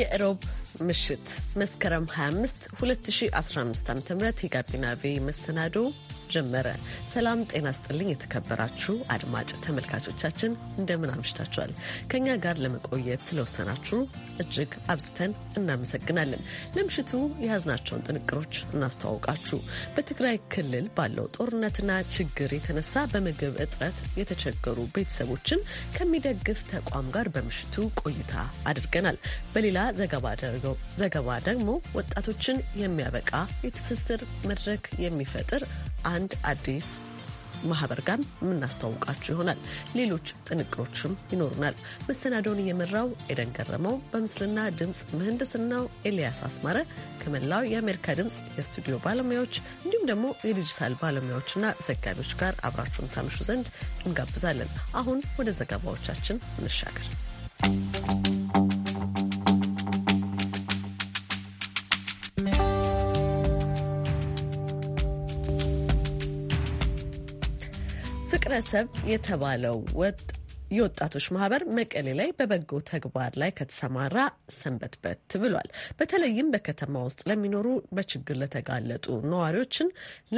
የእሮብ ምሽት መስከረም 25 2015 ዓ ም የጋቢና ቪ መሰናዶ ጀመረ። ሰላም ጤና ስጥልኝ። የተከበራችሁ አድማጭ ተመልካቾቻችን እንደምን አምሽታችኋል? ከእኛ ጋር ለመቆየት ስለወሰናችሁ እጅግ አብዝተን እናመሰግናለን። ለምሽቱ የያዝናቸውን ጥንቅሮች እናስተዋውቃችሁ። በትግራይ ክልል ባለው ጦርነትና ችግር የተነሳ በምግብ እጥረት የተቸገሩ ቤተሰቦችን ከሚደግፍ ተቋም ጋር በምሽቱ ቆይታ አድርገናል። በሌላ ዘገባ ደግሞ ወጣቶችን የሚያበቃ የትስስር መድረክ የሚፈጥር አንድ አዲስ ማህበር ጋር የምናስተዋውቃችሁ ይሆናል። ሌሎች ጥንቅሮችም ይኖሩናል። መሰናዶውን እየመራው ኤደን ገረመው፣ በምስልና ድምፅ ምህንድስናው ኤልያስ አስማረ ከመላው የአሜሪካ ድምፅ የስቱዲዮ ባለሙያዎች እንዲሁም ደግሞ የዲጂታል ባለሙያዎችና ዘጋቢዎች ጋር አብራችሁን ታመሹ ዘንድ እንጋብዛለን። አሁን ወደ ዘገባዎቻችን እንሻገር። ማህበረሰብ የተባለው ወጥ የወጣቶች ማህበር መቀሌ ላይ በበጎ ተግባር ላይ ከተሰማራ ሰንበትበት ብሏል። በተለይም በከተማ ውስጥ ለሚኖሩ በችግር ለተጋለጡ ነዋሪዎችን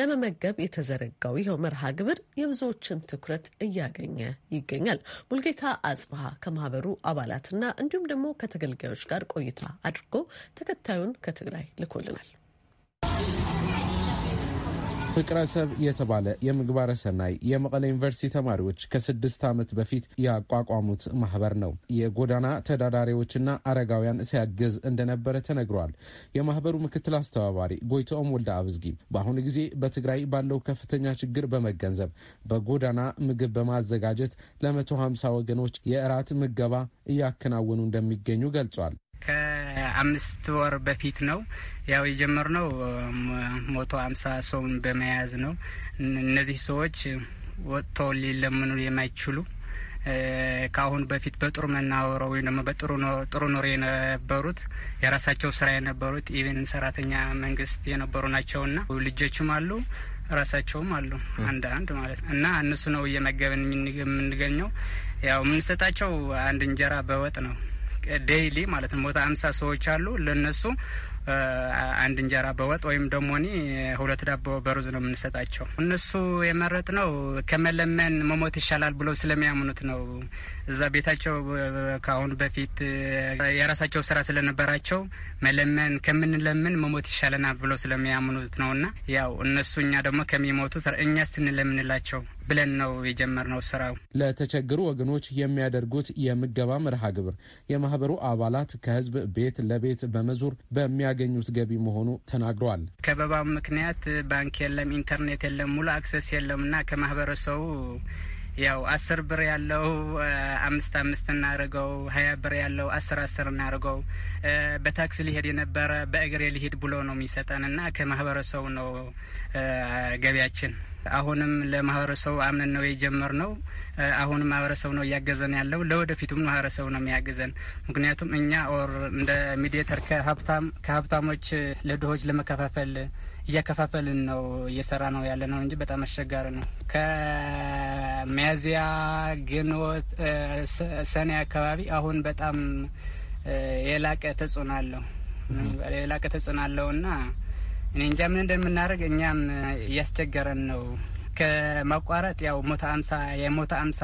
ለመመገብ የተዘረጋው ይኸው መርሃ ግብር የብዙዎችን ትኩረት እያገኘ ይገኛል። ሙልጌታ አጽብሃ ከማህበሩ አባላትና እንዲሁም ደግሞ ከተገልጋዮች ጋር ቆይታ አድርጎ ተከታዩን ከትግራይ ልኮልናል። ፍቅረ ሰብ የተባለ የምግባረ ሰናይ የመቀለ ዩኒቨርሲቲ ተማሪዎች ከስድስት ዓመት በፊት ያቋቋሙት ማህበር ነው። የጎዳና ተዳዳሪዎችና አረጋውያን ሲያግዝ እንደነበረ ተነግሯል። የማህበሩ ምክትል አስተባባሪ ጎይቶኦም ወልደ አብዝጊ በአሁኑ ጊዜ በትግራይ ባለው ከፍተኛ ችግር በመገንዘብ በጎዳና ምግብ በማዘጋጀት ለመቶ ሀምሳ ወገኖች የእራት ምገባ እያከናወኑ እንደሚገኙ ገልጿል። አምስት ወር በፊት ነው ያው የጀመርነው መቶ አምሳ ሰውን በመያዝ ነው። እነዚህ ሰዎች ወጥተው ሊለምኑ የማይችሉ ከአሁን በፊት በጥሩ መናወረው ወይም ደግሞ በጥሩ ጥሩ ኑሮ የነበሩት የራሳቸው ስራ የነበሩት ኢቨን ሰራተኛ መንግስት የነበሩ ናቸውና ልጆችም አሉ ራሳቸውም አሉ አንድ አንድ ማለት ነው። እና እነሱ ነው እየመገብን የምንገኘው። ያው የምንሰጣቸው አንድ እንጀራ በወጥ ነው። ዴይሊ ማለት ነው ሞታ አምሳ ሰዎች አሉ። ለነሱ አንድ እንጀራ በወጥ ወይም ደግሞ እኔ ሁለት ዳቦ በሩዝ ነው የምንሰጣቸው። እነሱ የመረጥ ነው ከመለመን መሞት ይሻላል ብለው ስለሚያምኑት ነው። እዛ ቤታቸው ከአሁኑ በፊት የራሳቸው ስራ ስለነበራቸው መለመን ከምንለምን መሞት ይሻለናል ብለው ስለሚያምኑት ነው እና ያው እነሱ እኛ ደግሞ ከሚሞቱት እኛ ስንለምንላቸው ብለን ነው የጀመርነው ስራው። ለተቸገሩ ወገኖች የሚያደርጉት የምገባ መርሃ ግብር የማህበሩ አባላት ከህዝብ ቤት ለቤት በመዞር በሚያገኙት ገቢ መሆኑ ተናግረዋል። ከበባው ምክንያት ባንክ የለም፣ ኢንተርኔት የለም፣ ሙሉ አክሰስ የለም እና ከማህበረሰቡ ያው አስር ብር ያለው አምስት አምስት እናርገው፣ ሀያ ብር ያለው አስር አስር እናርገው። በታክሲ ሊሄድ የነበረ በእግሬ ሊሄድ ብሎ ነው የሚሰጠን እና ከማህበረሰቡ ነው ገቢያችን። አሁንም ለማህበረሰቡ አምነን ነው የጀመር ነው። አሁንም ማህበረሰቡ ነው እያገዘን ያለው። ለወደፊቱም ማህበረሰቡ ነው የሚያገዘን። ምክንያቱም እኛ ኦር እንደ ሚዲየተር ከሀብታም ከሀብታሞች ለድሆች ለመከፋፈል እያከፋፈልን ነው እየሰራ ነው ያለ ነው እንጂ በጣም አስቸጋሪ ነው። ከሚያዝያ ግንቦት፣ ሰኔ አካባቢ አሁን በጣም የላቀ ተጽዕኖ አለው የላቀ ተጽዕኖ አለው እና እኔ እንጃ ምን እንደምናደርግ እኛም እያስቸገረን ነው። ከማቋረጥ ያው ሞተ አምሳ የሞታ አምሳ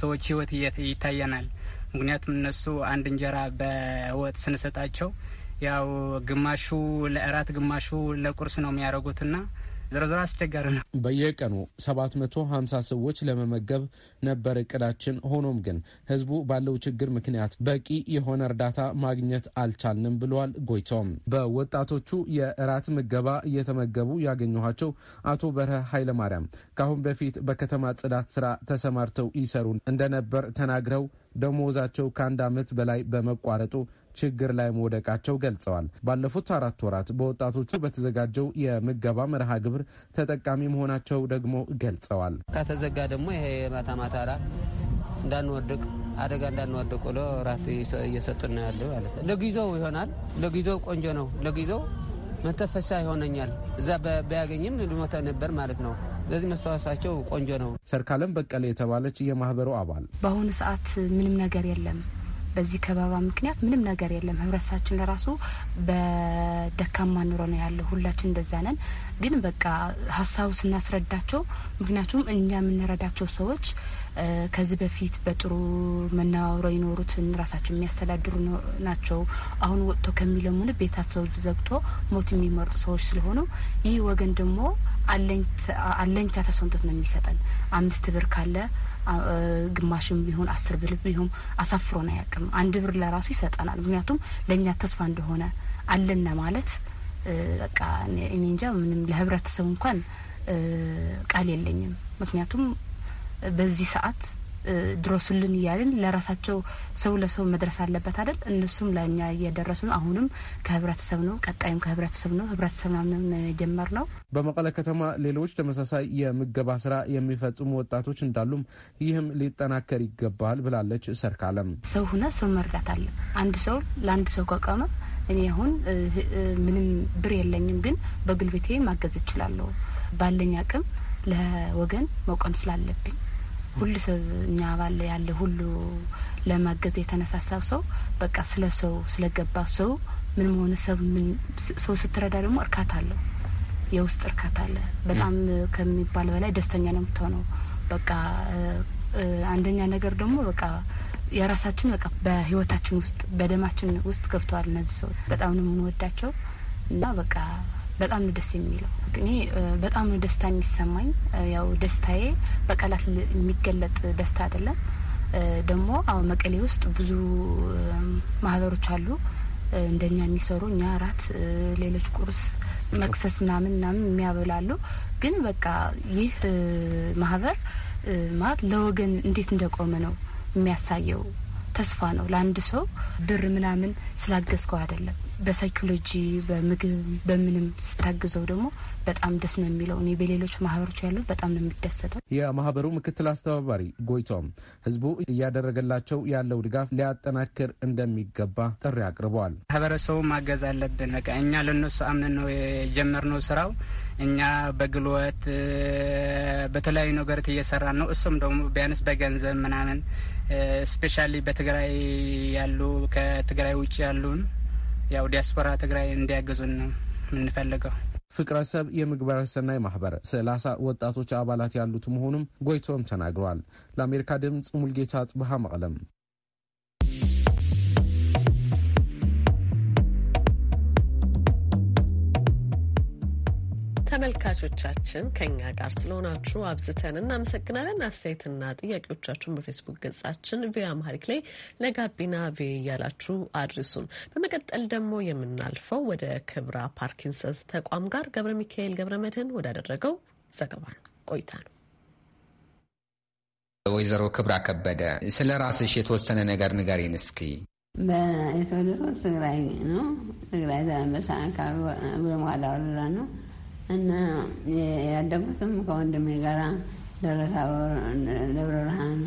ሰዎች ህይወት ይታየናል። ምክንያቱም እነሱ አንድ እንጀራ በወጥ ስንሰጣቸው ያው ግማሹ ለእራት ግማሹ ለቁርስ ነው የሚያደርጉትና ዞሮ ዞሮ አስቸጋሪ ነው። በየቀኑ ሰባት መቶ ሀምሳ ሰዎች ለመመገብ ነበር እቅዳችን። ሆኖም ግን ህዝቡ ባለው ችግር ምክንያት በቂ የሆነ እርዳታ ማግኘት አልቻልንም ብለዋል ጎይቶም። በወጣቶቹ የእራት ምገባ እየተመገቡ ያገኘኋቸው አቶ በረ ኃይለማርያም ከአሁን በፊት በከተማ ጽዳት ስራ ተሰማርተው ይሰሩ እንደነበር ተናግረው ደሞዛቸው ከአንድ ዓመት በላይ በመቋረጡ ችግር ላይ መውደቃቸው ገልጸዋል። ባለፉት አራት ወራት በወጣቶቹ በተዘጋጀው የምገባ መርሃ ግብር ተጠቃሚ መሆናቸው ደግሞ ገልጸዋል። ከተዘጋ ደግሞ ይሄ ማታ ማታ ራት እንዳንወድቅ አደጋ እንዳንወድቅ ብሎ ራት ነው ያለ ማለት ነው። ለጊዜው ይሆናል። ለጊዜው ቆንጆ ነው። ለጊዜው መተፈሳ ይሆነኛል። እዛ ባያገኝም ልሞተ ነበር ማለት ነው። ስለዚህ መስተዋሳቸው ቆንጆ ነው። ሰርካለም በቀለ የተባለች የማህበሩ አባል በአሁኑ ሰዓት ምንም ነገር የለም በዚህ ከበባ ምክንያት ምንም ነገር የለም። ህብረተሰባችን ለራሱ በደካማ ኑሮ ነው ያለው። ሁላችን እንደዛ ነን። ግን በቃ ሀሳቡ ስናስረዳቸው፣ ምክንያቱም እኛ የምንረዳቸው ሰዎች ከዚህ በፊት በጥሩ መነባብሮ የኖሩትን ራሳቸው የሚያስተዳድሩ ናቸው። አሁን ወጥቶ ከሚለሙን ቤታቸው ዘግቶ ሞት የሚመርጡ ሰዎች ስለሆኑ ይህ ወገን ደግሞ አለኝታ ተሰምቶት ነው የሚሰጠን አምስት ብር ካለ ግማሽም ቢሆን አስር ብር ቢሆን አሳፍሮን አያውቅም። አንድ ብር ለራሱ ይሰጠናል። ምክንያቱም ለእኛ ተስፋ እንደሆነ አለነ ማለት በቃ እኔ እንጃ ምንም ለህብረተሰቡ እንኳን ቃል የለኝም። ምክንያቱም በዚህ ሰዓት ድረሱልን እያልን ለራሳቸው ሰው ለሰው መድረስ አለበት አይደል? እነሱም ለእኛ እየደረሱ ነው። አሁንም ከህብረተሰብ ነው፣ ቀጣዩም ከህብረተሰብ ነው። ህብረተሰብ ናምን የጀመር ነው። በመቀለ ከተማ ሌሎች ተመሳሳይ የምገባ ስራ የሚፈጽሙ ወጣቶች እንዳሉም ይህም ሊጠናከር ይገባል ብላለች ሰርካለም። ሰው ሁነ ሰው መርዳት አለ። አንድ ሰው ለአንድ ሰው ከቆመ እኔ አሁን ምንም ብር የለኝም፣ ግን በጉልበቴ ማገዝ እችላለሁ። ባለኝ አቅም ለወገን መቆም ስላለብኝ ሁሉ ሰው እኛ አባል ያለ ሁሉ ለማገዝ የተነሳሳው ሰው በቃ ስለ ሰው ስለገባ ሰው ምን መሆነ ሰው ስትረዳ ደግሞ እርካታ አለው። የውስጥ እርካታ አለ። በጣም ከሚባል በላይ ደስተኛ ነው የምትሆነው። በቃ አንደኛ ነገር ደግሞ በቃ የራሳችን በቃ በህይወታችን ውስጥ በደማችን ውስጥ ገብተዋል እነዚህ ሰዎች። በጣም ነው የምንወዳቸው እና በቃ በጣም ነው ደስ የሚለው። እኔ በጣም ነው ደስታ የሚሰማኝ። ያው ደስታዬ በቃላት የሚገለጥ ደስታ አይደለም። ደግሞ አሁን መቀሌ ውስጥ ብዙ ማህበሮች አሉ እንደኛ የሚሰሩ እኛ እራት፣ ሌሎች ቁርስ፣ መክሰስ ምናምን ምናምን የሚያበላሉ። ግን በቃ ይህ ማህበር ማለት ለወገን እንዴት እንደቆመ ነው የሚያሳየው። ተስፋ ነው ለአንድ ሰው ብር ምናምን ስላገዝከው አይደለም በሳይኮሎጂ በምግብ በምንም ስታግዘው ደግሞ በጣም ደስ ነው የሚለው። እኔ በሌሎች ማህበሮች ያሉት በጣም ነው የሚደሰተው። የማህበሩ ምክትል አስተባባሪ ጎይቶም ህዝቡ እያደረገላቸው ያለው ድጋፍ ሊያጠናክር እንደሚገባ ጥሪ አቅርበዋል። ማህበረሰቡ ማገዝ አለብን። በቃ እኛ ለነሱ አምነን ነው የጀመርነው ስራው እኛ በግልወት በተለያዩ ነገሮች እየሰራን ነው። እሱም ደግሞ ቢያንስ በገንዘብ ምናምን ስፔሻሊ በትግራይ ያሉ ከትግራይ ውጭ ያሉን ያው ዲያስፖራ ትግራይ እንዲያግዙን ነው የምንፈልገው። ፍቅረሰብ የምግባረ ሰናይ ማህበር ሰላሳ ወጣቶች አባላት ያሉት መሆኑም ጎይቶም ተናግረዋል። ለአሜሪካ ድምፅ ሙልጌታ ጽብሃ መቀለም ተመልካቾቻችን ከኛ ጋር ስለሆናችሁ አብዝተን እናመሰግናለን። አስተያየትና ጥያቄዎቻችሁን በፌስቡክ ገጻችን ቪ አማሪክ ላይ ለጋቢና ቪ እያላችሁ አድርሱን። በመቀጠል ደግሞ የምናልፈው ወደ ክብራ ፓርኪንሰንስ ተቋም ጋር ገብረ ሚካኤል ገብረ መድህን ወዳደረገው ዘገባ ነው ቆይታ ነው። ወይዘሮ ክብራ ከበደ ስለ ራስሽ የተወሰነ ነገር ንገሪን እስኪ። የተወለድኩት ትግራይ ነው። ትግራይ ዛላንበሳ አካባቢ ጉለማዳ ወረዳ ነው። እና ያደጉትም ከወንድሜ ጋራ ደብረ ብርሃን፣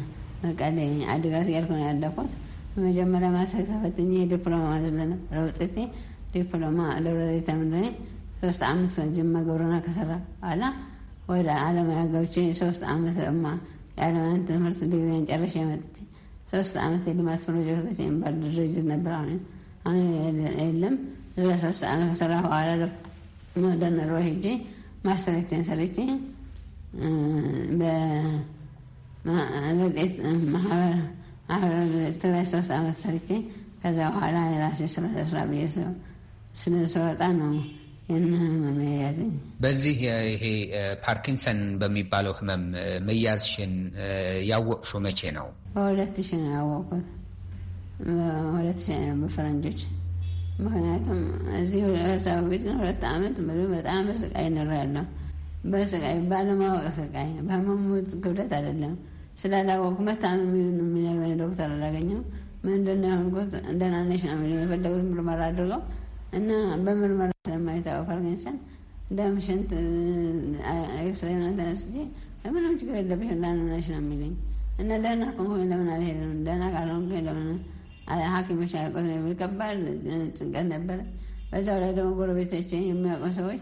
መቀሌ፣ አዲግራት እያልኩ ነው ያደኩት። መጀመሪያ ማትሪክ ተፈትኜ ዲፕሎማ ለነበረ ውጤቴ ዲፕሎማ ደብረ ዘይት ምንድን ሶስት አመት ጅማ ግብርና ከሰራ በኋላ ወደ አለማያ ገብቼ ሶስት አመት ማ የአለማያን ትምህርት ዲግሪን ጨረሽ የመጥ ሶስት አመት የልማት ፕሮጀክቶች የሚባል ድርጅት ነበር። አሁን የለም። እዛ ሶስት አመት ከሰራ በኋላ ለፍኩ መደነሮ ሄጄ ማስተሬቴን ሰርቼ በረድኤት ማህበር ትግራይ ሶስት ዓመት ሰርቼ ከዛ በኋላ የራሴ ስራ ለስራ ብዬ ስለሰወጣ ነው። በዚህ ይሄ ፓርኪንሰን በሚባለው ህመም መያዝሽን ያወቅሹ መቼ ነው? በሁለት ሺ ነው ያወቅኩት። በሁለት ሺህ በፈረንጆች ምክንያቱም እዚህ ሰው ቤት ግን ሁለት ዓመት ሙሉ በጣም በስቃይ ኖሬያለሁ። በስቃይ ባለማወቅ ስቃይ፣ በመሞት ክብደት አይደለም ስላላወቅኩ መታመም የሚነግረኝ ዶክተር አላገኘሁም። ምንድን ነው የሆንኩት? ደህና ነሽ ነው የፈለጉት ምርመራ አድርገው እና በምርመራ ስለማይታወ ፓርኪንሰን ደም፣ ሽንት፣ ኤክስሬ ምናምን ተነስቼ ምንም ችግር የለብሽም ደህና ነሽ ነው የሚለኝ እና ደህና ከሆንኩኝ ለምን አልሄድም? ደህና ካልሆንኩኝ ለምን ሐኪሞች አያውቁት ነበር። ከባድ ጭንቀት ነበረ። በዛው ላይ ደግሞ ጎረቤቶች የሚያውቁ ሰዎች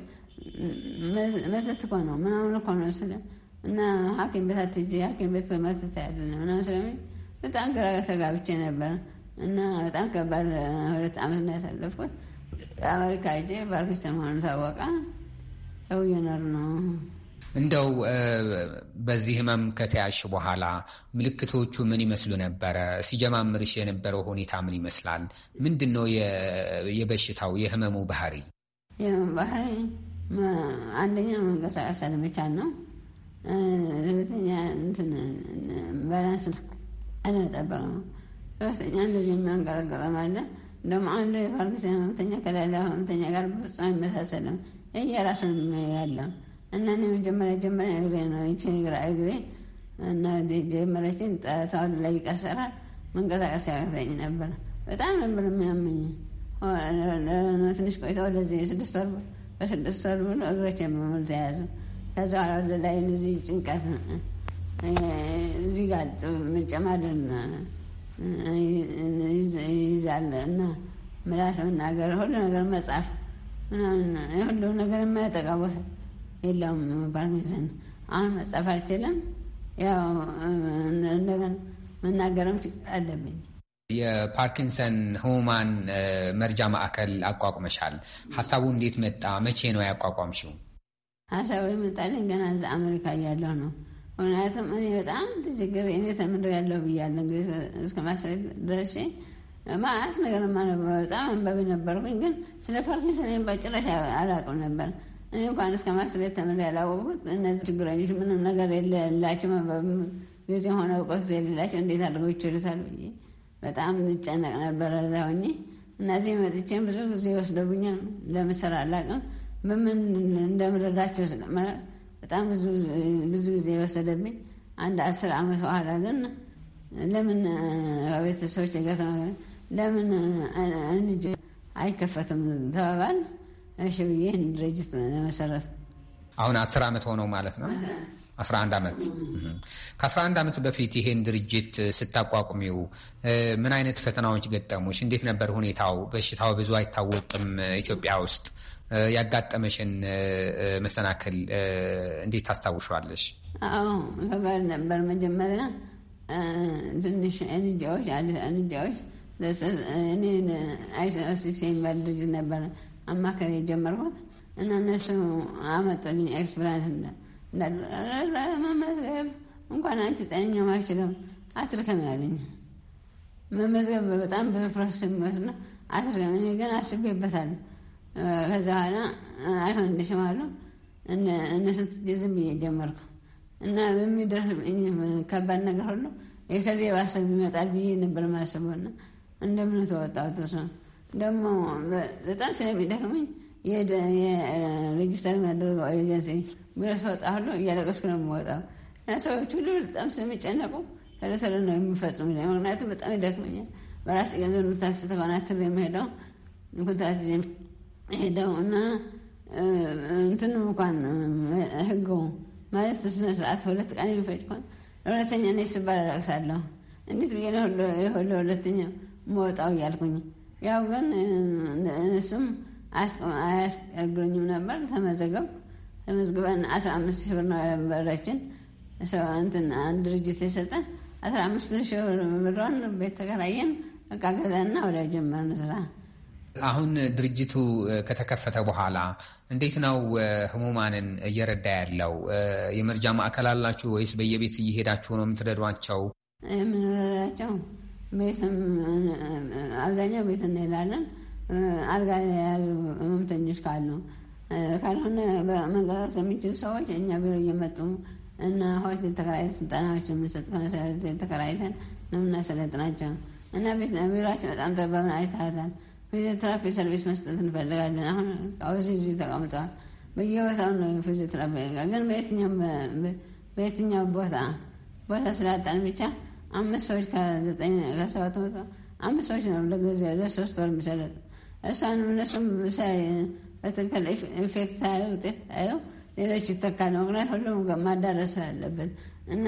መተት እኮ ነው ምናምን እኮ ነው ስለ እና ሐኪም ቤት አትሄጂ ሐኪም ቤት መተት ያለ ምናምን ስለሚ በጣም ግራ ተጋብቼ ነበረ እና በጣም ከባድ ሁለት ዓመት ነው ያሳለፍኩት። አሜሪካ ሄጄ ፓርኪንሰን መሆኑ ታወቀ። እውየነር ነው እንደው በዚህ ህመም ከተያሽ በኋላ ምልክቶቹ ምን ይመስሉ ነበረ? ሲጀማምርሽ የነበረው ሁኔታ ምን ይመስላል? ምንድን ነው የበሽታው የህመሙ ባህሪ? ባህሪ አንደኛ መንቀሳቀስ አለመቻል ነው። ሁለተኛ በራስ አለመጠበቅ ነው። ሶስተኛ እንደዚህ የሚያንቀጠቀጠም አለ። እንደውም አንዱ የፓርኪንሰን ህመምተኛ ከሌላ ህመምተኛ ጋር በፍጹም አይመሳሰልም። የራሱን ያለው እና እኔ መጀመሪያ ጀመሪያ እግሬ ነው ይችን ግራ እግሬ እና ጀመረችን ታዋድ ላይ ቀሰራ መንቀሳቀስ ያቅተኝ ነበር። በጣም ነበር የሚያመኝ። ትንሽ ቆይታ ወደዚህ ስድስት ወር በስድስት ወር ብሎ እግሮች የመመል ተያዙ። ከዛ ኋላ ወደ ላይ እዚህ ጭንቀት እዚህ ጋር መጨማደን ይይዛል እና ምላስ መናገር፣ ሁሉ ነገር መጻፍ ምናምን ሁሉም ነገር የማያጠቃ ቦታ የለውም ፓርኪንሰን። አሁን መጻፍ አልችልም። ያው እንደገና መናገርም ችግር አለብኝ። የፓርኪንሰን ህሙማን መርጃ ማዕከል አቋቁመሻል። ሀሳቡ እንዴት መጣ? መቼ ነው ያቋቋምሽው? ሀሳቡ የመጣልኝ ገና እዛ አሜሪካ እያለሁ ነው። ምክንያቱም እኔ በጣም ትችግር እኔ ተምድር ያለው ብያለሁ። እንግዲህ እስከ ማስተሬት ደርሼ ማለት ነገር በጣም አንባቢ ነበርኩኝ፣ ግን ስለ ፓርኪንሰን ባጭራሽ አላውቅም ነበር። እኔ እንኳን እስከ ማስሬት ተምሬ ያላወቁት እነዚህ ችግረኞች ምንም ነገር የሌላቸው ጊዜ ሆነ እውቀት የሌላቸው እንዴት አድርገው ይችሉታል ብዬ በጣም እንጨነቅ ነበረ እዛ ሆኜ። እነዚህ መጥቼም ብዙ ጊዜ ይወስደብኛል። ለምስር አላቅም በምን እንደምረዳቸው ስለመረ በጣም ብዙ ጊዜ የወሰደብኝ አንድ አስር አመት በኋላ ግን ለምን ቤተሰቦች ገተ ለምን እንጂ አይከፈትም ተባባል እሺ ይህን ድርጅት መሰረት አሁን አስር ዓመት ሆነው ማለት ነው። አስራ አንድ ዓመት ከአስራ አንድ ዓመት በፊት ይሄን ድርጅት ስታቋቁሚው ምን አይነት ፈተናዎች ገጠሙች እንዴት ነበር ሁኔታው? በሽታው ብዙ አይታወቅም ኢትዮጵያ ውስጥ። ያጋጠመሽን መሰናክል እንዴት ታስታውሻለሽ? አዎ ነበር። መጀመሪያ ትንሽ እንጃዎች አዲስ እኔ የሚባል ድርጅት ነበር አማካሪ የጀመርኩት እና እነሱ አመጡልኝ ኤክስፕራንስ መመዝገብ እንኳን አንቺ ጤነኛ ማችለው አትርከም ያሉኝ። መመዝገብ በጣም ብዙ መስና አትርከም። ነው። እኔ ግን አስቤበታል። ከዚ በኋላ አይሆን እንደሸማሉ እነሱን ዝም ብዬ ጀመርኩ እና የሚደርስብኝ ከባድ ነገር ሁሉ ከዚህ የባሰብ ይመጣል ብዬ ነበር ማስበና እንደምኑ ተወጣሁት እሱን ደግሞ በጣም ስለሚደክመኝ የሬጅስተር የሚያደርገው ኤጀንሲ ብሎ ስወጣ ሁሉ እያለቀስኩ ነው የምወጣው እና ሰዎች ሁሉ በጣም ስለሚጨነቁ ተለተለ ነው የሚፈጽሙ። ምክንያቱም በጣም ይደክመኛል። በራስ ገንዘብ ታክሲ ተኮናትር የሚሄደው ኮንትራት ሄደው እና እንትንም እንኳን ህጉ ማለት ስነ ስርዓት ሁለት ቀን የሚፈጭ እንኳን ለሁለተኛ ነ ስባል አለቅሳለሁ። እንዴት ብዬ ሁሉ ሁለተኛ መወጣው እያልኩኝ ያው ግን እነሱም አያስቸግረኝም ነበር። ተመዘገብ ተመዝግበን አስራ አምስት ሺህ ብር ነበረችን እንትን አንድ ድርጅት የሰጠን አስራ አምስት ሺህ ብሯን ቤት ተከራየን። በቃ ገዛና ወደ ጀመርን ስራ። አሁን ድርጅቱ ከተከፈተ በኋላ እንዴት ነው ህሙማንን እየረዳ ያለው? የመርጃ ማዕከል አላችሁ ወይስ በየቤት እየሄዳችሁ ነው የምትረዷቸው? የምንረዳቸው ቤትም አብዛኛው ቤት እንሄዳለን። አልጋ ላይ የያዙ ህመምተኞች ካሉ ካልሆነ መንቀሳቀስ የሚችሉ ሰዎች እኛ ቢሮ እየመጡ እና ሆቴል ተከራይተን ስልጠናዎች የምንሰጥ ሆቴል ተከራይተን ነው የምናሰለጥናቸው እና ቢሮችን በጣም ጠባብን አይታታል። ፊዚዮትራፒ ሰርቪስ መስጠት እንፈልጋለን። አሁን እዚህ እዚህ ተቀምጠዋል። በየቦታው ነው ፊዚዮትራፒ ግን በየትኛው ቦታ ቦታ ስላጣን ብቻ አምስት ሰዎች ከዘጠኝ ከሰባት መቶ አምስት ሰዎች ነው ለጊዜው ለሶስት ወር የሚሰለጥ እሷንም እነሱም ሳይ በትክክል ኢፌክት ሳይ ውጤት ሳየው ሌሎች ይተካል። ምክንያት ሁሉም ማዳረስ አለብን እና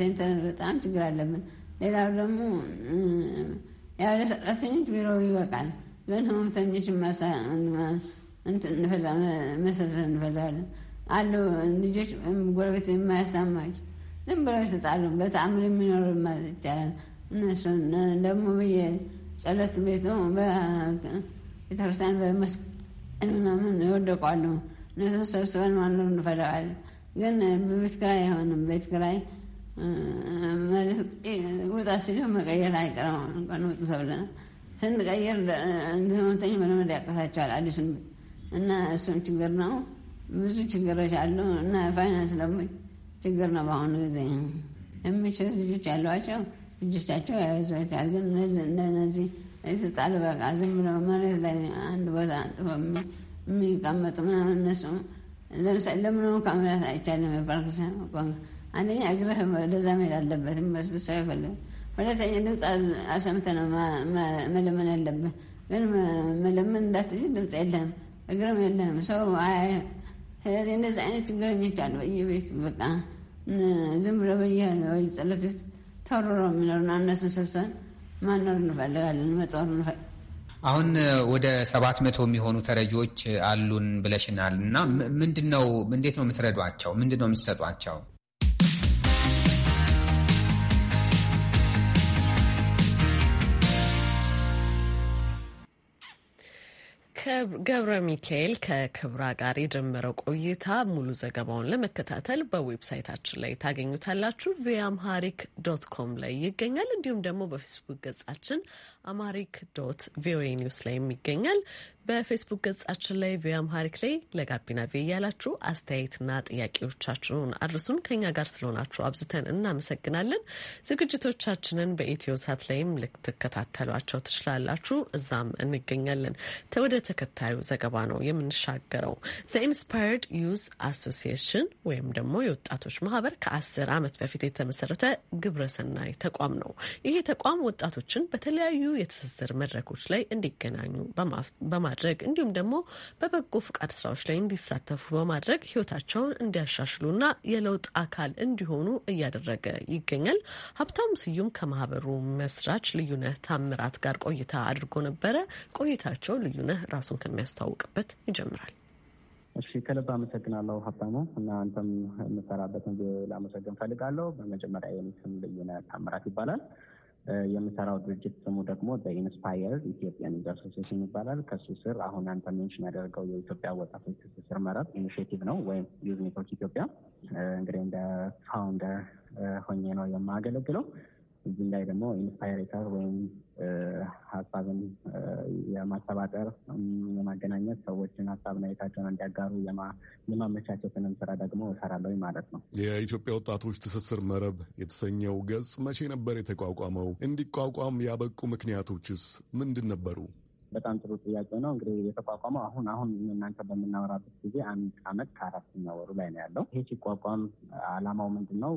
ሴንተር በጣም ችግር አለብን። ሌላው ደግሞ ያለ ሰራተኞች ቢሮ ይበቃል፣ ግን ህመምተኞች መሰረት እንፈልጋለን አሉ ልጆች ጎረቤት የማያስታማቸው ዝም ብለው የተጣሉ በተአምር የሚኖሩ ማለት ይቻላል። እነሱ ደግሞ ብዬ ጸሎት ቤቱ ቤተክርስቲያን በመስክ ምናምን ይወደቋሉ። እነሱ ሰብስበን ማንም እንፈደዋል። ግን በቤት ክራይ አይሆንም። ቤት ክራይ ውጣ ሲሉ መቀየር አይቀርም። እንኳን ውጡ ተብለና ስንቀይር ህመምተኛ መለመድ ያቅታቸዋል አዲሱን እና እሱም ችግር ነው። ብዙ ችግሮች አሉ እና ፋይናንስ ደግሞ ችግር ነው። በአሁኑ ጊዜ የሚችል ልጆች ያሏቸው ልጆቻቸው ያይዟቸዋል። ግን እንደነዚህ የተጣሉ በቃ ዝም ብለው መሬት ላይ አንድ ቦታ አንጥፎ የሚቀመጡ ምናምን እነሱ ለምሳሌ ለምንሆኑ ከመላት አይቻልም። የፓርክሳ አንደኛ እግርህ ወደዛ መሄድ አለበት የሚወስድ ሰው ይፈልግ። ሁለተኛ ድምፅ አሰምተ ነው መለመን ያለብህ። ግን መለመን እንዳትችል ድምፅ የለህም፣ እግርም የለህም፣ ሰው ስለዚህ እንደዚህ አይነት ችግረኞች አሉ በየቤት በቃ ዝም ብሎ በየጸሎት ቤት ተሮሮ የሚኖሩን እነሱን ሰብሰን ማኖር እንፈልጋለን። መጦር እንፈልጋለን። አሁን ወደ ሰባት መቶ የሚሆኑ ተረጂዎች አሉን ብለሽናል እና ምንድነው እንዴት ነው የምትረዷቸው? ምንድን ነው የምትሰጧቸው? ገብረ ሚካኤል ከክብራ ጋር የጀመረው ቆይታ ሙሉ ዘገባውን ለመከታተል በዌብሳይታችን ላይ ታገኙታላችሁ። ቪአምሃሪክ ዶት ኮም ላይ ይገኛል። እንዲሁም ደግሞ በፌስቡክ ገጻችን አማሪክ ዶት ቪኦኤ ኒውስ ላይ ይገኛል። በፌስቡክ ገጻችን ላይ ቪኦኤ አምሃሪክ ላይ ለጋቢና ቪ እያላችሁ አስተያየትና ጥያቄዎቻችሁን አድርሱን። ከኛ ጋር ስለሆናችሁ አብዝተን እናመሰግናለን። ዝግጅቶቻችንን በኢትዮ ሳት ላይም ልትከታተሏቸው ትችላላችሁ። እዛም እንገኛለን። ወደ ተከታዩ ዘገባ ነው የምንሻገረው። ዘ ዩዝ አሶሲሽን ወይም ደግሞ የወጣቶች ማህበር ከአስር ዓመት በፊት የተመሰረተ ግብረሰናይ ተቋም ነው። ይሄ ተቋም ወጣቶችን በተለያዩ የትስስር መድረኮች ላይ እንዲገናኙ በማ በማድረግ እንዲሁም ደግሞ በበጎ ፍቃድ ስራዎች ላይ እንዲሳተፉ በማድረግ ህይወታቸውን እንዲያሻሽሉና የለውጥ አካል እንዲሆኑ እያደረገ ይገኛል። ሀብታሙ ስዩም ከማህበሩ መስራች ልዩነህ ታምራት ጋር ቆይታ አድርጎ ነበረ። ቆይታቸው ልዩነህ ራሱን ከሚያስተዋውቅበት ይጀምራል። እሺ ከልብ አመሰግናለሁ ሀብታሙ እና አንተም የምሰራበትን ላመሰግን ፈልጋለሁ። በመጀመሪያ የኔ ስም ልዩነህ ታምራት ይባላል። የምሰራው ድርጅት ስሙ ደግሞ በኢንስፓየር ኢትዮጵያን ዩዝ ይባላል። ከሱ ስር አሁን አንተ ሜንሽን ያደረገው የኢትዮጵያ ወጣቶች ትስስር መረብ ኢኒሽቲቭ ነው ወይም ዩዝ ኔትወርክ ኢትዮጵያ። እንግዲህ እንደ ፋውንደር ሆኜ ነው የማገለግለው። እዚህ ላይ ደግሞ ኢንስፓይሬተር ወይም ሀሳብን የማሰባጠር የማገናኘት ሰዎችን ሀሳብና የታቸውን እንዲያጋሩ የማመቻቸትንም ስራ ደግሞ እሰራለሁ ማለት ነው። የኢትዮጵያ ወጣቶች ትስስር መረብ የተሰኘው ገጽ መቼ ነበር የተቋቋመው? እንዲቋቋም ያበቁ ምክንያቶችስ ምንድን ነበሩ? በጣም ጥሩ ጥያቄ ነው። እንግዲህ የተቋቋመው አሁን አሁን እናንተ በምናወራበት ጊዜ አንድ አመት ከአራተኛ ወሩ ላይ ነው ያለው። ይሄ ሲቋቋም አላማው ምንድን ነው?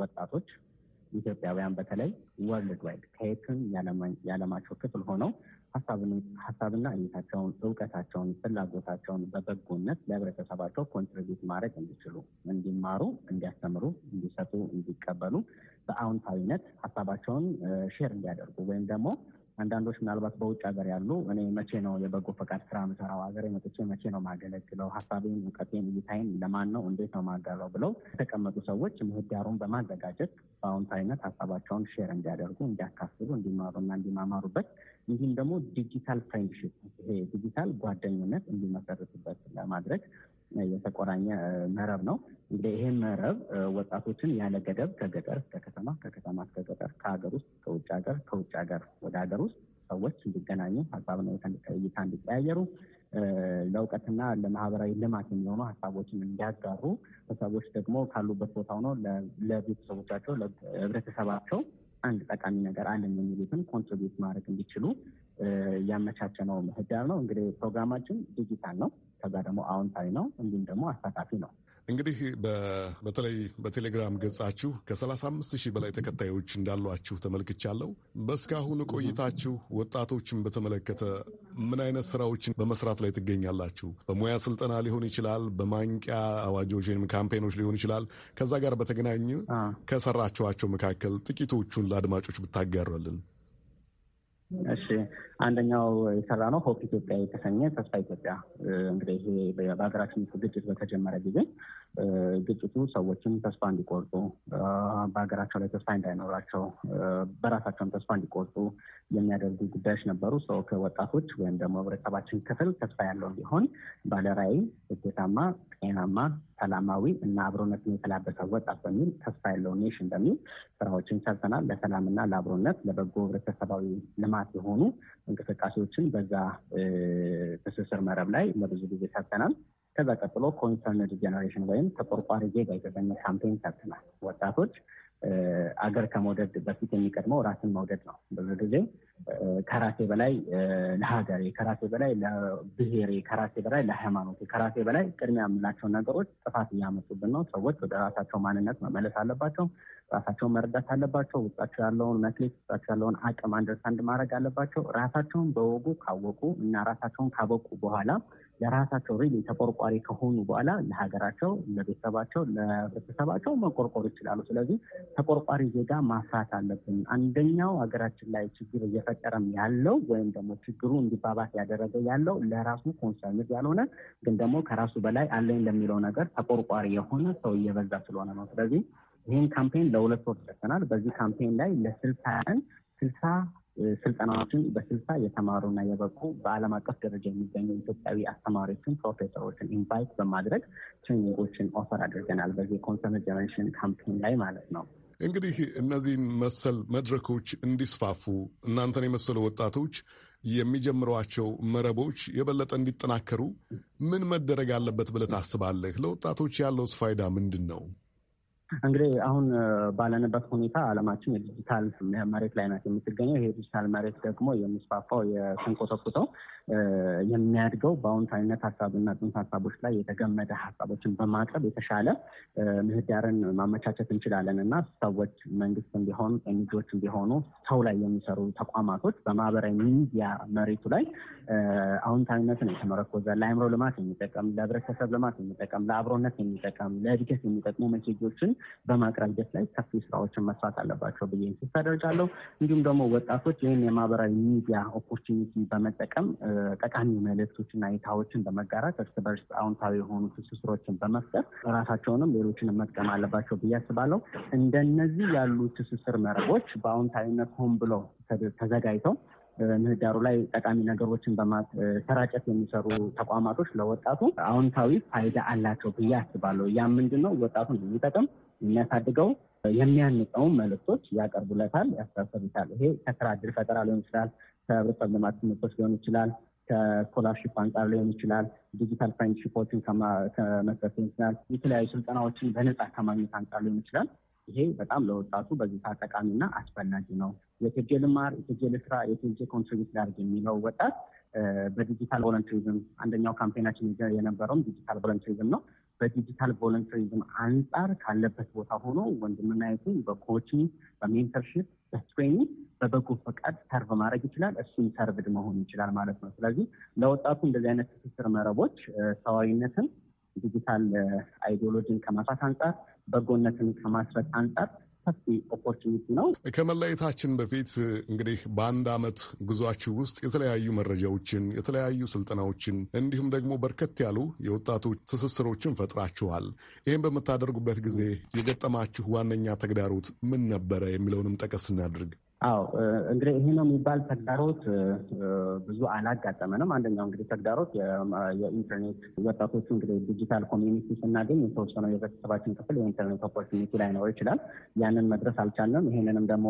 ወጣቶች ኢትዮጵያውያን በተለይ ወርልድ ዋይድ ከየትም የዓለማቸው ክፍል ሆነው ሀሳብና እይታቸውን፣ እውቀታቸውን፣ ፍላጎታቸውን በበጎነት ለህብረተሰባቸው ኮንትሪቢዩት ማድረግ እንዲችሉ፣ እንዲማሩ፣ እንዲያስተምሩ፣ እንዲሰጡ፣ እንዲቀበሉ በአዎንታዊነት ሀሳባቸውን ሼር እንዲያደርጉ ወይም ደግሞ አንዳንዶች ምናልባት በውጭ ሀገር ያሉ እኔ መቼ ነው የበጎ ፈቃድ ስራ ምሰራው ሀገር መጥቼ መቼ ነው ማገለግለው ሀሳቤን፣ እውቀቴን፣ እይታይን ለማን ነው እንዴት ነው ማጋራው ብለው የተቀመጡ ሰዎች ምህዳሩን በማዘጋጀት በአዎንታዊነት ሀሳባቸውን ሼር እንዲያደርጉ፣ እንዲያካፍሉ፣ እንዲማሩና እንዲማማሩበት ይህም ደግሞ ዲጂታል ፍሬንድሽፕ ይሄ ዲጂታል ጓደኝነት እንዲመሰርትበት ለማድረግ የተቆራኘ መረብ ነው። እንግዲህ ይሄ መረብ ወጣቶችን ያለ ገደብ ከገጠር እስከ ከተማ፣ ከከተማ እስከ ገጠር፣ ከሀገር ውስጥ ከውጭ ሀገር፣ ከውጭ ሀገር ወደ ሀገር ውስጥ ሰዎች እንዲገናኙ ሀሳብና እይታ እንዲቀያየሩ ለእውቀትና ለማህበራዊ ልማት የሚሆኑ ሀሳቦችን እንዲያጋሩ ሰዎች ደግሞ ካሉበት ቦታ ሆነው ለቤተሰቦቻቸው፣ ለህብረተሰባቸው አንድ ጠቃሚ ነገር አለን የሚሉትን ኮንትሪቢዩት ማድረግ እንዲችሉ እያመቻቸ ነው ምህዳር ነው። እንግዲህ ፕሮግራማችን ዲጂታል ነው፣ ከዛ ደግሞ አዎንታዊ ነው፣ እንዲሁም ደግሞ አሳታፊ ነው። እንግዲህ በተለይ በቴሌግራም ገጻችሁ ከ35 ሺህ በላይ ተከታዮች እንዳሏችሁ ተመልክቻለሁ። በእስካሁኑ ቆይታችሁ ወጣቶችን በተመለከተ ምን አይነት ስራዎችን በመስራት ላይ ትገኛላችሁ? በሙያ ስልጠና ሊሆን ይችላል፣ በማንቂያ አዋጆች ወይም ካምፔኖች ሊሆን ይችላል። ከዛ ጋር በተገናኘ ከሰራችኋቸው መካከል ጥቂቶቹን ለአድማጮች ብታጋሩልን። እሺ አንደኛው የሰራ ነው ሆፕ ኢትዮጵያ የተሰኘ ተስፋ ኢትዮጵያ እንግዲህ በሀገራችን ግጭት በተጀመረ ጊዜ ግጭቱ ሰዎችን ተስፋ እንዲቆርጡ በሀገራቸው ላይ ተስፋ እንዳይኖራቸው በራሳቸውም ተስፋ እንዲቆርጡ የሚያደርጉ ጉዳዮች ነበሩ። ሰው ከወጣቶች ወይም ደግሞ ህብረተሰባችን ክፍል ተስፋ ያለው እንዲሆን ባለራዕይ፣ ስኬታማ፣ ጤናማ፣ ሰላማዊ እና አብሮነትን የተላበሰ ወጣት በሚል ተስፋ ያለው ኔሽን በሚል ስራዎችን ሰርተናል። ለሰላምና ለአብሮነት ለበጎ ህብረተሰባዊ ልማት የሆኑ እንቅስቃሴዎችን በዛ ትስስር መረብ ላይ ለብዙ ጊዜ ሰርተናል። ከዛ ቀጥሎ ኮንሰርንድ ጄኔሬሽን ወይም ተቆርቋሪ ዜጋ የተሰኘ ካምፔን ሰርተናል። ወጣቶች አገር ከመውደድ በፊት የሚቀድመው ራስን መውደድ ነው። ብዙ ጊዜ ከራሴ በላይ ለሀገሬ፣ ከራሴ በላይ ለብሔሬ፣ ከራሴ በላይ ለሃይማኖቴ፣ ከራሴ በላይ ቅድሚያ የምላቸውን ነገሮች ጥፋት እያመጡብን ነው። ሰዎች ወደ ራሳቸው ማንነት መመለስ አለባቸው። ራሳቸውን መረዳት አለባቸው። ውስጣቸው ያለውን መክሌት ውስጣቸው ያለውን አቅም አንደርስታንድ ማድረግ አለባቸው። ራሳቸውን በወጉ ካወቁ እና ራሳቸውን ካበቁ በኋላ ለራሳቸው ሪል ተቆርቋሪ ከሆኑ በኋላ ለሀገራቸው፣ ለቤተሰባቸው፣ ለህብረተሰባቸው መቆርቆር ይችላሉ። ስለዚህ ተቆርቋሪ ዜጋ ማፍራት አለብን። አንደኛው ሀገራችን ላይ ችግር እየፈጠረም ያለው ወይም ደግሞ ችግሩ እንዲባባስ ያደረገ ያለው ለራሱ ኮንሰርን ያልሆነ ግን ደግሞ ከራሱ በላይ አለኝ ለሚለው ነገር ተቆርቋሪ የሆነ ሰው እየበዛ ስለሆነ ነው። ስለዚህ ይህን ካምፔን ለሁለት ወር ጨርሰናል። በዚህ ካምፔን ላይ ለስልሳ ቀን ስልሳ ስልጠናዎችን በስልሳ የተማሩና የበቁ በዓለም አቀፍ ደረጃ የሚገኙ ኢትዮጵያዊ አስተማሪዎችን፣ ፕሮፌሰሮችን ኢንቫይት በማድረግ ትሬኒንጎችን ኦፈር አድርገናል። በዚህ ኮንሰርት ጀነሬሽን ካምፔን ላይ ማለት ነው። እንግዲህ እነዚህን መሰል መድረኮች እንዲስፋፉ እናንተን የመሰሉ ወጣቶች የሚጀምሯቸው መረቦች የበለጠ እንዲጠናከሩ ምን መደረግ አለበት ብለህ ታስባለህ? ለወጣቶች ያለውስ ፋይዳ ምንድን ነው? እንግዲህ አሁን ባለንበት ሁኔታ አለማችን የዲጂታል መሬት ላይ ናት የምትገኘው። ይሄ ዲጂታል መሬት ደግሞ የሚስፋፋው የተንኮተኩተው የሚያድገው በአዎንታዊነት ሀሳብና ጽንሰ ሀሳቦች ላይ የተገመደ ሀሳቦችን በማቅረብ የተሻለ ምህዳርን ማመቻቸት እንችላለን እና ሰዎች መንግስትም ቢሆን ኤንጂዎችም ቢሆኑ ሰው ላይ የሚሰሩ ተቋማቶች በማህበራዊ ሚዲያ መሬቱ ላይ አዎንታዊነትን የተመረኮዘ ለአይምሮ ልማት የሚጠቀም ለህብረተሰብ ልማት የሚጠቀም ለአብሮነት የሚጠቀም ለእድገት የሚጠቅሙ መሴጆችን በማቅረብ ሂደት ላይ ሰፊ ስራዎችን መስራት አለባቸው ብዬ እንስት አደርጋለሁ። እንዲሁም ደግሞ ወጣቶች ይህን የማህበራዊ ሚዲያ ኦፖርቹኒቲ በመጠቀም ጠቃሚ መልእክቶችና እይታዎችን በመጋራት እርስ በርስ አዎንታዊ የሆኑ ትስስሮችን በመፍጠር ራሳቸውንም ሌሎችንም መጥቀም አለባቸው ብዬ አስባለሁ። እንደነዚህ ያሉ ትስስር መረቦች በአውንታዊነት ሆን ብሎ ተዘጋጅተው ምህዳሩ ላይ ጠቃሚ ነገሮችን በማሰራጨት የሚሰሩ ተቋማቶች ለወጣቱ አዎንታዊ ፋይዳ አላቸው ብዬ አስባለሁ። ያም ምንድን ነው? ወጣቱን የሚጠቅም የሚያሳድገው የሚያንጸውን መልእክቶች ያቀርቡለታል፣ ያስተሳስሩታል። ይሄ ከስራ እድል ፈጠራ ሊሆን ይችላል፣ ከህብረተሰብ ልማት ትምህርቶች ሊሆን ይችላል፣ ከስኮላርሽፕ አንጻር ሊሆን ይችላል፣ ዲጂታል ፍሬንድሺፖችን ከመስረት ሊሆን ይችላል፣ የተለያዩ ስልጠናዎችን በነጻ ከማግኘት አንጻር ሊሆን ይችላል። ይሄ በጣም ለወጣቱ በዚህ ሰዓት ጠቃሚና አስፈላጊ ነው። የቴጄ ልማር፣ የቴጄ ልስራ፣ የቴጄ ኮንትሪቢት ላድርግ የሚለው ወጣት በዲጂታል ቮለንትሪዝም አንደኛው ካምፔናችን የነበረውም ዲጂታል ቮለንትሪዝም ነው። በዲጂታል ቮለንትሪዝም አንጻር ካለበት ቦታ ሆኖ ወንድምናየቱ በኮችንግ በሜንተርሽፕ በትሬኒንግ በበጎ ፈቃድ ሰርቭ ማድረግ ይችላል። እሱም ሰርቭድ መሆን ይችላል ማለት ነው። ስለዚህ ለወጣቱ እንደዚህ አይነት ትስስር መረቦች ሰዋዊነትን፣ ዲጂታል አይዲዮሎጂን ከማፋት አንጻር፣ በጎነትን ከማስረት አንጻር ሰፊ ኦፖርቹኒቲ ነው። ከመለየታችን በፊት እንግዲህ በአንድ ዓመት ጉዟችሁ ውስጥ የተለያዩ መረጃዎችን፣ የተለያዩ ስልጠናዎችን እንዲሁም ደግሞ በርከት ያሉ የወጣቶች ትስስሮችን ፈጥራችኋል። ይህም በምታደርጉበት ጊዜ የገጠማችሁ ዋነኛ ተግዳሮት ምን ነበረ የሚለውንም ጠቀስ እናድርግ። አዎ እንግዲህ ይሄ ነው የሚባል ተግዳሮት ብዙ አላጋጠመንም። አንደኛው እንግዲህ ተግዳሮት የኢንተርኔት ወጣቶቹ እንግዲህ ዲጂታል ኮሚኒቲ ስናገኝ የተወሰነው የቤተሰባችን ክፍል የኢንተርኔት ኦፖርቹኒቲ ላይኖር ይችላል። ያንን መድረስ አልቻለም። ይሄንንም ደግሞ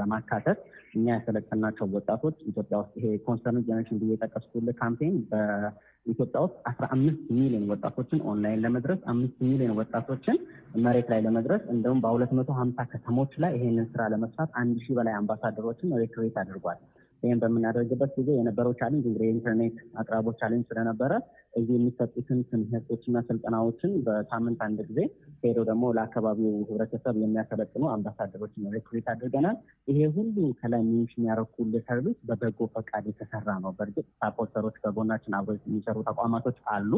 ለማካተት እኛ ያሰለጠናቸው ወጣቶች ኢትዮጵያ ውስጥ ይሄ ኮንሰርን ጀነሬሽን ብዬ የጠቀስኩልህ ካምፔን ኢትዮጵያ ውስጥ አስራ አምስት ሚሊዮን ወጣቶችን ኦንላይን ለመድረስ አምስት ሚሊዮን ወጣቶችን መሬት ላይ ለመድረስ እንደውም በሁለት መቶ ሀምሳ ከተሞች ላይ ይሄንን ስራ ለመስራት አንድ ሺህ በላይ አምባሳደሮችን ሬክሬት አድርጓል። ይህም በምናደርግበት ጊዜ የነበረው ቻሌንጅ እንግዲህ የኢንተርኔት አቅራቦ ቻሌንጅ ስለነበረ እዚህ የሚሰጡትን ትምህርቶችና ስልጠናዎችን በሳምንት አንድ ጊዜ ሄዶ ደግሞ ለአካባቢው ህብረተሰብ የሚያሰለጥኑ አምባሳደሮችን ሬክሩት አድርገናል። ይሄ ሁሉ ከላይ ሚኒሽ የሚያረኩልህ ሰርቪስ በበጎ ፈቃድ የተሰራ ነው። በእርግጥ ሳፖርተሮች በጎናችን አብሮ የሚሰሩ ተቋማቶች አሉ።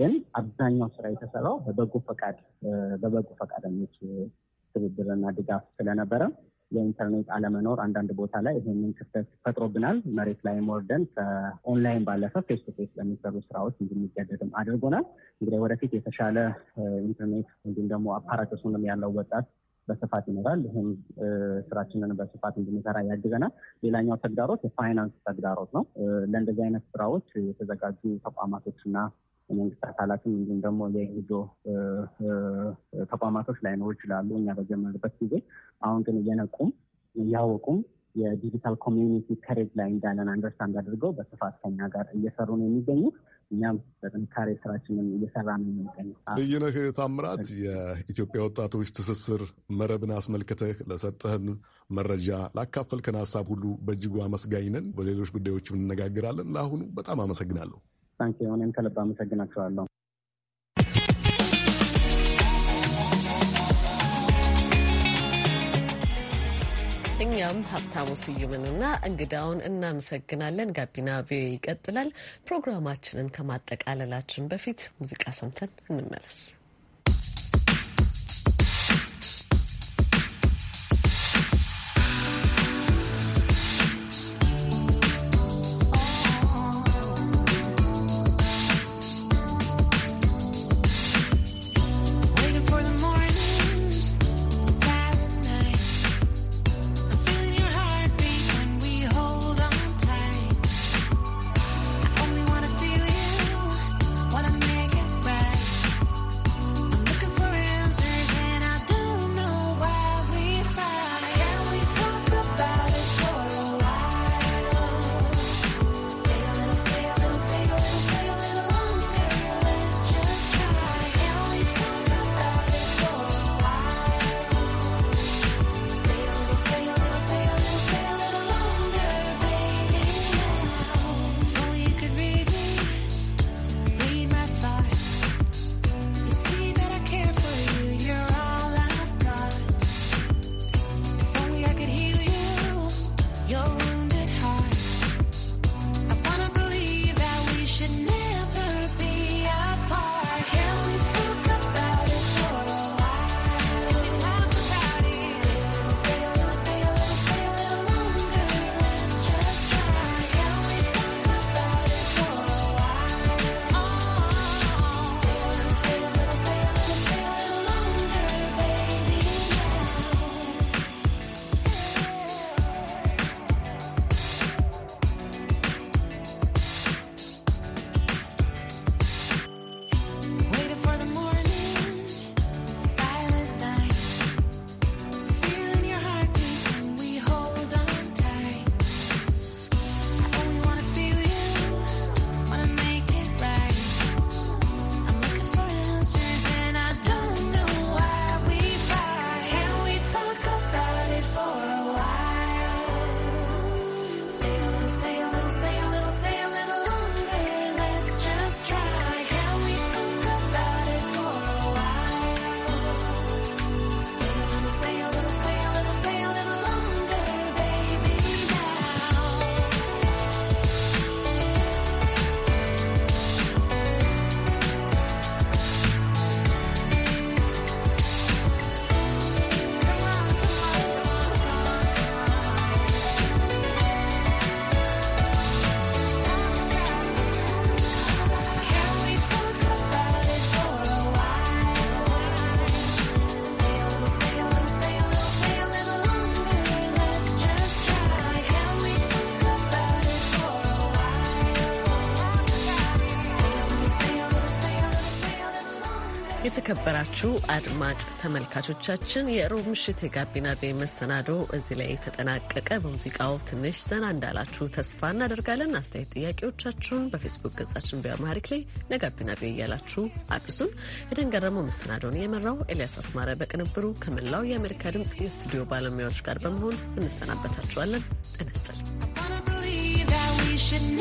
ግን አብዛኛው ስራ የተሰራው በበጎ ፈቃድ በበጎ ፈቃደኞች ትብብርና ድጋፍ ስለነበረ የኢንተርኔት አለመኖር አንዳንድ ቦታ ላይ ይሄንን ክፍተት ፈጥሮብናል። መሬት ላይ ወርደን ከኦንላይን ባለፈ ፌስ ቱ ፌስ ለሚሰሩ ስራዎች እንድንገደድም አድርጎናል። እንግዲህ ወደፊት የተሻለ ኢንተርኔት እንዲሁም ደግሞ አፓራቶሱንም ያለው ወጣት በስፋት ይኖራል። ይህም ስራችንን በስፋት እንድንሰራ ያግዘናል። ሌላኛው ተግዳሮት የፋይናንስ ተግዳሮት ነው። ለእንደዚህ አይነት ስራዎች የተዘጋጁ ተቋማቶችና የመንግስት አካላትም እንዲሁም ደግሞ የኤንጆ ተቋማቶች ላይኖሩ ይችላሉ። እኛ በጀመርበት ጊዜ አሁን ግን እየነቁም እያወቁም የዲጂታል ኮሚዩኒቲ ከሬጅ ላይ እንዳለን አንደርስታንድ አድርገው በስፋት ከኛ ጋር እየሰሩ ነው የሚገኙት። እኛም በጥንካሬ ስራችንን እየሰራ ነው የሚገኙ። በየነህ ታምራት፣ የኢትዮጵያ ወጣቶች ትስስር መረብን አስመልክተህ ለሰጠህን መረጃ፣ ላካፈልከን ሀሳብ ሁሉ በእጅጉ አመስጋኝ ነን። በሌሎች ጉዳዮችም እንነጋግራለን። ለአሁኑ በጣም አመሰግናለሁ። ታንኪ የሆነም ከልብ አመሰግናቸዋለሁ። እኛም ሀብታሙ ስዩምንና እንግዳውን እናመሰግናለን። ጋቢና ቪኦኤ ይቀጥላል። ፕሮግራማችንን ከማጠቃለላችን በፊት ሙዚቃ ሰምተን እንመለስ። የተከበራችሁ አድማጭ ተመልካቾቻችን የሮብ ምሽት የጋቢና ቤ መሰናዶ እዚህ ላይ የተጠናቀቀ። በሙዚቃው ትንሽ ዘና እንዳላችሁ ተስፋ እናደርጋለን። አስተያየት ጥያቄዎቻችሁን በፌስቡክ ገጻችን በአማሪክ ላይ ለጋቢና ቤ እያላችሁ አድርሱን። የደንገረመው መሰናዶን የመራው ኤልያስ አስማረ በቅንብሩ ከመላው የአሜሪካ ድምፅ የስቱዲዮ ባለሙያዎች ጋር በመሆን እንሰናበታችኋለን። ጤና ይስጥልኝ።